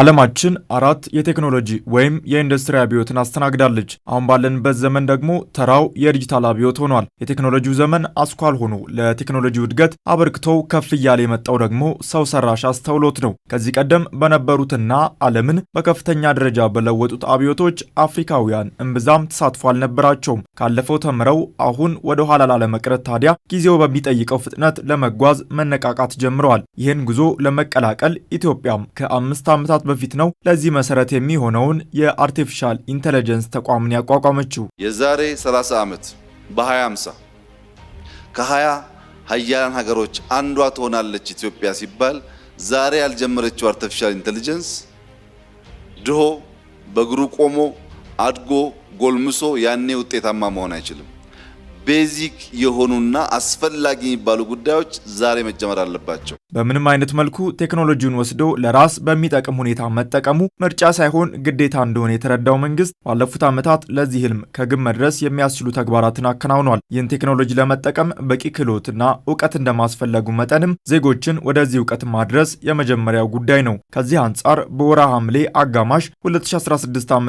ዓለማችን አራት የቴክኖሎጂ ወይም የኢንዱስትሪ አብዮትን አስተናግዳለች። አሁን ባለንበት ዘመን ደግሞ ተራው የዲጂታል አብዮት ሆኗል። የቴክኖሎጂው ዘመን አስኳል ሆኖ ለቴክኖሎጂው እድገት አበርክተው ከፍ እያለ የመጣው ደግሞ ሰው ሰራሽ አስተውሎት ነው። ከዚህ ቀደም በነበሩትና ዓለምን በከፍተኛ ደረጃ በለወጡት አብዮቶች አፍሪካውያን እምብዛም ተሳትፎ አልነበራቸውም። ካለፈው ተምረው አሁን ወደ ኋላ ላለመቅረት ታዲያ ጊዜው በሚጠይቀው ፍጥነት ለመጓዝ መነቃቃት ጀምረዋል። ይህን ጉዞ ለመቀላቀል ኢትዮጵያም ከአምስት ዓመታት ዓመታት በፊት ነው ለዚህ መሰረት የሚሆነውን የአርቲፊሻል ኢንተለጀንስ ተቋምን ያቋቋመችው። የዛሬ 30 ዓመት በ2050 ከ20 ሀያላን ሀገሮች አንዷ ትሆናለች ኢትዮጵያ ሲባል ዛሬ ያልጀመረችው አርቲፊሻል ኢንተለጀንስ ድሆ በእግሩ ቆሞ አድጎ ጎልምሶ ያኔ ውጤታማ መሆን አይችልም። ቤዚክ የሆኑና አስፈላጊ የሚባሉ ጉዳዮች ዛሬ መጀመር አለባቸው። በምንም አይነት መልኩ ቴክኖሎጂውን ወስዶ ለራስ በሚጠቅም ሁኔታ መጠቀሙ ምርጫ ሳይሆን ግዴታ እንደሆነ የተረዳው መንግስት ባለፉት ዓመታት ለዚህ ህልም ከግብ መድረስ የሚያስችሉ ተግባራትን አከናውኗል። ይህን ቴክኖሎጂ ለመጠቀም በቂ ክህሎትና እውቀት እንደማስፈለጉ መጠንም ዜጎችን ወደዚህ እውቀት ማድረስ የመጀመሪያው ጉዳይ ነው። ከዚህ አንጻር በወራ ሐምሌ አጋማሽ 2016 ዓ ም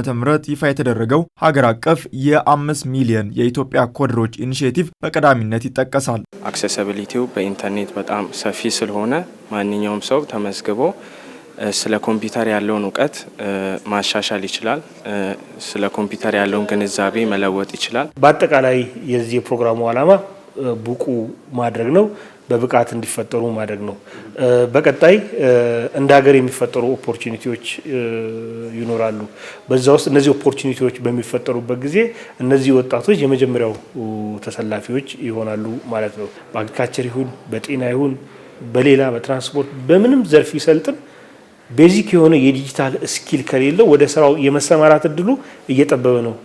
ይፋ የተደረገው ሀገር አቀፍ የ5 ሚሊዮን የኢትዮጵያ ኮድሮች ኢኒሽቲቭ በቀዳሚነት ይጠቀሳል። አክሴሲቢሊቲው በኢንተርኔት በጣም ሰፊ ስለሆነ ማንኛውም ሰው ተመዝግቦ ስለ ኮምፒውተር ያለውን እውቀት ማሻሻል ይችላል። ስለ ኮምፒውተር ያለውን ግንዛቤ መለወጥ ይችላል። በአጠቃላይ የዚህ የፕሮግራሙ ዓላማ ብቁ ማድረግ ነው። በብቃት እንዲፈጠሩ ማድረግ ነው። በቀጣይ እንደ ሀገር የሚፈጠሩ ኦፖርቹኒቲዎች ይኖራሉ። በዛ ውስጥ እነዚህ ኦፖርቹኒቲዎች በሚፈጠሩበት ጊዜ እነዚህ ወጣቶች የመጀመሪያው ተሰላፊዎች ይሆናሉ ማለት ነው። በአግሪካልቸር ይሁን በጤና ይሁን በሌላ በትራንስፖርት በምንም ዘርፍ ይሰልጥን ቤዚክ የሆነ የዲጂታል ስኪል ከሌለው ወደ ስራው የመሰማራት እድሉ እየጠበበ ነው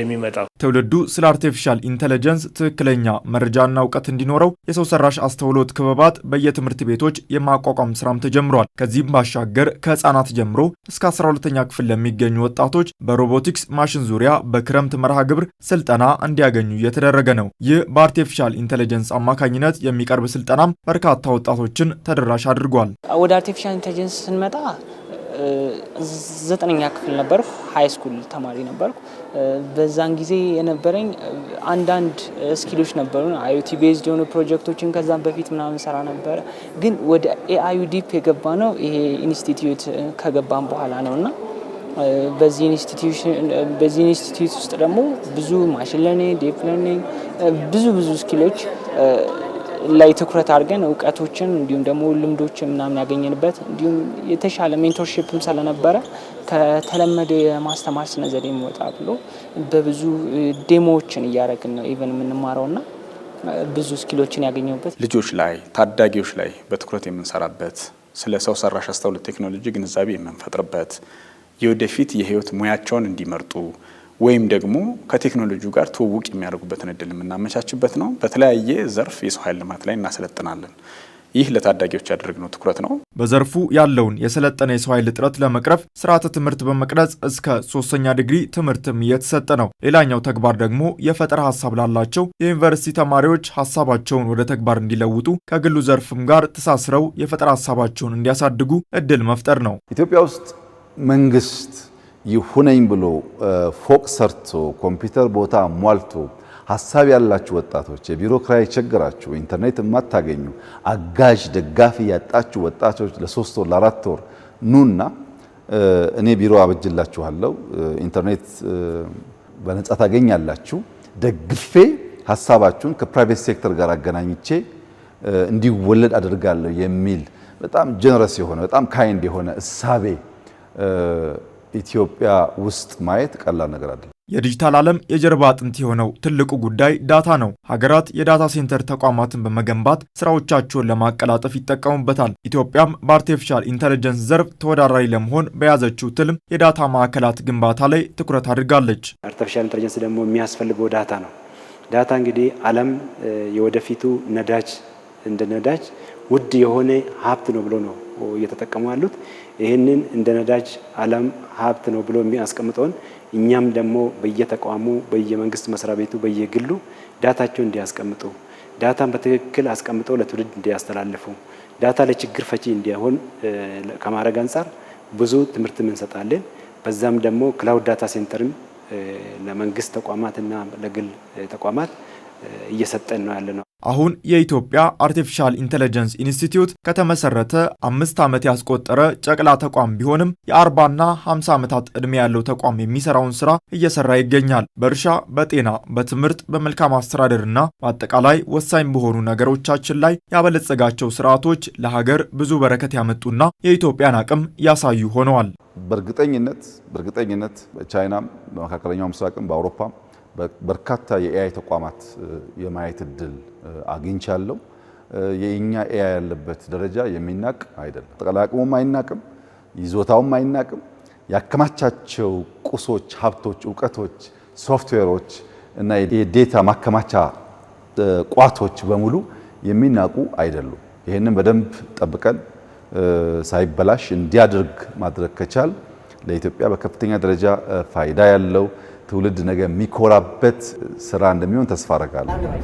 የሚመጣው። ትውልዱ ስለ አርቲፊሻል ኢንተለጀንስ ትክክለኛ መረጃና እውቀት እንዲኖረው የሰው ሰራሽ አስተውሎት ክበባት በየትምህርት ቤቶች የማቋቋም ስራም ተጀምሯል። ከዚህም ባሻገር ከህፃናት ጀምሮ እስከ 12ኛ ክፍል ለሚገኙ ወጣቶች በሮቦቲክስ ማሽን ዙሪያ በክረምት መርሃ ግብር ስልጠና እንዲያገኙ እየተደረገ ነው። ይህ በአርቲፊሻል ኢንተለጀንስ አማካኝነት የሚቀርብ ስልጠናም በርካታ ወጣቶችን ተደራሽ አድርጓል። ወደ አርቲፊሻል ኢንተለጀንስ ስንመጣ ዘጠነኛ ክፍል ነበርኩ፣ ሀይ ስኩል ተማሪ ነበርኩ። በዛን ጊዜ የነበረኝ አንዳንድ ስኪሎች ነበሩ። አዩቲ ቤዝድ የሆኑ ፕሮጀክቶችን ከዛም በፊት ምናምን ሰራ ነበረ። ግን ወደ ኤአዩ ዲፕ የገባ ነው ይሄ ኢንስቲትዩት ከገባን በኋላ ነው እና በዚህ ኢንስቲትዩት ውስጥ ደግሞ ብዙ ማሽን ለርኒንግ፣ ዴፕ ለርኒንግ ብዙ ብዙ ስኪሎች ላይ ትኩረት አድርገን እውቀቶችን እንዲሁም ደግሞ ልምዶችን ምናምን ያገኘንበት እንዲሁም የተሻለ ሜንቶርሽፕም ስለነበረ ከተለመደ የማስተማር ስነ ዘዴ የሚወጣ ብሎ በብዙ ዴሞዎችን እያደረግን ነው ኢቨን ና ብዙ ስኪሎችን ያገኘበት ልጆች ላይ ታዳጊዎች ላይ በትኩረት የምንሰራበት ስለ ሰው ሰራሽ አስተውሎት ቴክኖሎጂ ግንዛቤ የምንፈጥርበት የወደፊት የህይወት ሙያቸውን እንዲመርጡ ወይም ደግሞ ከቴክኖሎጂው ጋር ትውውቅ የሚያደርጉበትን እድል የምናመቻችበት ነው። በተለያየ ዘርፍ የሰው ኃይል ልማት ላይ እናሰለጥናለን። ይህ ለታዳጊዎች ያደረግነው ትኩረት ነው። በዘርፉ ያለውን የሰለጠነ የሰው ኃይል እጥረት ለመቅረፍ ስርዓተ ትምህርት በመቅረጽ እስከ ሶስተኛ ዲግሪ ትምህርትም እየተሰጠ ነው። ሌላኛው ተግባር ደግሞ የፈጠራ ሀሳብ ላላቸው የዩኒቨርሲቲ ተማሪዎች ሀሳባቸውን ወደ ተግባር እንዲለውጡ ከግሉ ዘርፍም ጋር ተሳስረው የፈጠራ ሀሳባቸውን እንዲያሳድጉ እድል መፍጠር ነው። ኢትዮጵያ ውስጥ መንግስት ይሁነኝ ብሎ ፎቅ ሰርቶ ኮምፒውተር ቦታ ሟልቶ ሀሳብ ያላችሁ ወጣቶች፣ የቢሮ ክራይ የቸግራችሁ፣ ኢንተርኔት የማታገኙ አጋዥ ደጋፊ ያጣችሁ ወጣቶች ለሶስት ወር ለአራት ወር ኑና እኔ ቢሮ አበጅላችኋለሁ፣ ኢንተርኔት በነጻ ታገኛላችሁ፣ ደግፌ ሀሳባችሁን ከፕራይቬት ሴክተር ጋር አገናኝቼ እንዲወለድ አድርጋለሁ የሚል በጣም ጀነረስ የሆነ በጣም ካይንድ የሆነ እሳቤ ኢትዮጵያ ውስጥ ማየት ቀላል ነገር አለ። የዲጂታል ዓለም የጀርባ አጥንት የሆነው ትልቁ ጉዳይ ዳታ ነው። ሀገራት የዳታ ሴንተር ተቋማትን በመገንባት ስራዎቻቸውን ለማቀላጠፍ ይጠቀሙበታል። ኢትዮጵያም በአርቲፊሻል ኢንተለጀንስ ዘርፍ ተወዳዳሪ ለመሆን በያዘችው ትልም የዳታ ማዕከላት ግንባታ ላይ ትኩረት አድርጋለች። አርቲፊሻል ኢንተለጀንስ ደግሞ የሚያስፈልገው ዳታ ነው። ዳታ እንግዲህ ዓለም የወደፊቱ ነዳጅ እንደ ነዳጅ ውድ የሆነ ሀብት ነው ብሎ ነው እየተጠቀሙ ያሉት። ይህንን እንደ ነዳጅ ዓለም ሀብት ነው ብሎ የሚያስቀምጠውን እኛም ደግሞ በየተቋሙ በየመንግስት መስሪያ ቤቱ በየግሉ ዳታቸው እንዲያስቀምጡ ዳታን በትክክል አስቀምጠው ለትውልድ እንዲያስተላልፉ ዳታ ለችግር ፈቺ እንዲሆን ከማድረግ አንጻር ብዙ ትምህርትም እንሰጣለን። በዛም ደግሞ ክላውድ ዳታ ሴንተርም ለመንግስት ተቋማት እና ለግል ተቋማት እየሰጠን ነው ያለ ነው። አሁን የኢትዮጵያ አርቲፊሻል ኢንቴሊጀንስ ኢንስቲትዩት ከተመሰረተ አምስት ዓመት ያስቆጠረ ጨቅላ ተቋም ቢሆንም የአርባና ሃምሳ ዓመታት ዕድሜ ያለው ተቋም የሚሰራውን ስራ እየሰራ ይገኛል። በእርሻ፣ በጤና፣ በትምህርት፣ በመልካም አስተዳደርና በአጠቃላይ ወሳኝ በሆኑ ነገሮቻችን ላይ ያበለጸጋቸው ስርዓቶች ለሀገር ብዙ በረከት ያመጡና የኢትዮጵያን አቅም ያሳዩ ሆነዋል። በእርግጠኝነት በእርግጠኝነት በቻይናም በመካከለኛው ምስራቅም በአውሮፓም በርካታ የኤአይ ተቋማት የማየት እድል አግኝቻለሁ። የእኛ ኤአይ ያለበት ደረጃ የሚናቅ አይደለም። አቅሙም አይናቅም፣ ይዞታውም አይናቅም። ያከማቻቸው ቁሶች፣ ሀብቶች፣ እውቀቶች፣ ሶፍትዌሮች እና የዴታ ማከማቻ ቋቶች በሙሉ የሚናቁ አይደሉም። ይህንን በደንብ ጠብቀን ሳይበላሽ እንዲያደርግ ማድረግ ከቻል ለኢትዮጵያ በከፍተኛ ደረጃ ፋይዳ ያለው ትውልድ ነገ የሚኮራበት ስራ እንደሚሆን ተስፋ አረጋለሁ።